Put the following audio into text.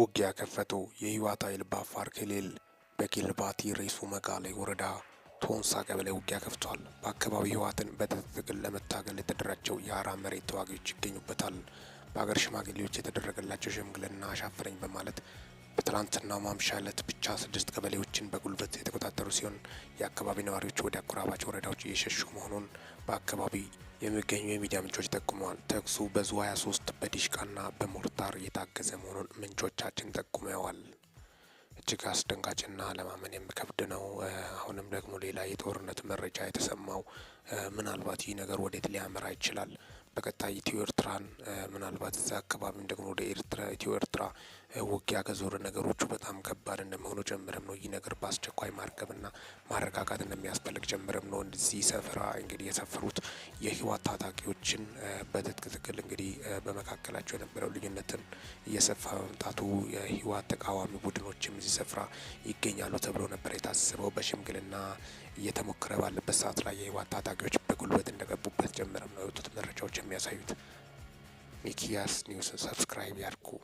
ውጊያ ከፈቱ። የህወሓት ኃይል በአፋር ክልል በኪልባቲ ሬሱ መጋሌ ወረዳ ቶንሳ ቀበሌ ውጊያ ከፍቷል። በአካባቢው ህወሓትን በትጥቅል ለመታገል የተደራጀው የአራ መሬት ተዋጊዎች ይገኙበታል። በአገር ሽማግሌዎች የተደረገላቸው ሽምግልና አሻፈረኝ በማለት በትላንትና ማምሻ ዕለት ብቻ ስድስት ቀበሌዎችን በጉልበት የተቆጣጠሩ ሲሆን የአካባቢ ነዋሪዎች ወደ አጎራባች ወረዳዎች እየሸሹ መሆኑን በአካባቢ የሚገኙ የሚዲያ ምንጮች ጠቁመዋል። ተኩሱ በዙ 23 በዲሽቃና በሞርታር የታገዘ መሆኑን ምንጮቻችን ጠቁመዋል። እጅግ አስደንጋጭና ለማመን የሚከብድ ነው። አሁንም ደግሞ ሌላ የጦርነት መረጃ የተሰማው ምናልባት ይህ ነገር ወዴት ሊያመራ ይችላል? በቀጣይ ኢትዮ ኤርትራን ምናልባት እዛ አካባቢም ደግሞ ወደ ኢትዮ ኤርትራ ውጊያ ከዞረ ነገሮቹ በጣም ከባድ ሆኖ ጀምረም ነው ይህ ነገር በአስቸኳይ ማርገብና ማረጋጋት እንደሚያስፈልግ ጀምረም ነው እዚህ ሰፈራ እንግዲህ የሰፈሩት የህወሓት ታጣቂዎችን በትጥቅ ትግል እንግዲህ በመካከላቸው የነበረው ልዩነትን እየሰፋ መምጣቱ የህወሓት ተቃዋሚ ቡድኖችም እዚህ ስፍራ ይገኛሉ ተብሎ ነበር የታስበው። በሽምግልና እየተሞከረ ባለበት ሰዓት ላይ የህወሓት ታጣቂዎች በጉልበት እንደገቡበት ጀምረም ነው የወጡት መረጃዎች የሚያሳዩት። ሚኪያስ ኒውስን ሰብስክራይብ ያድርጉ።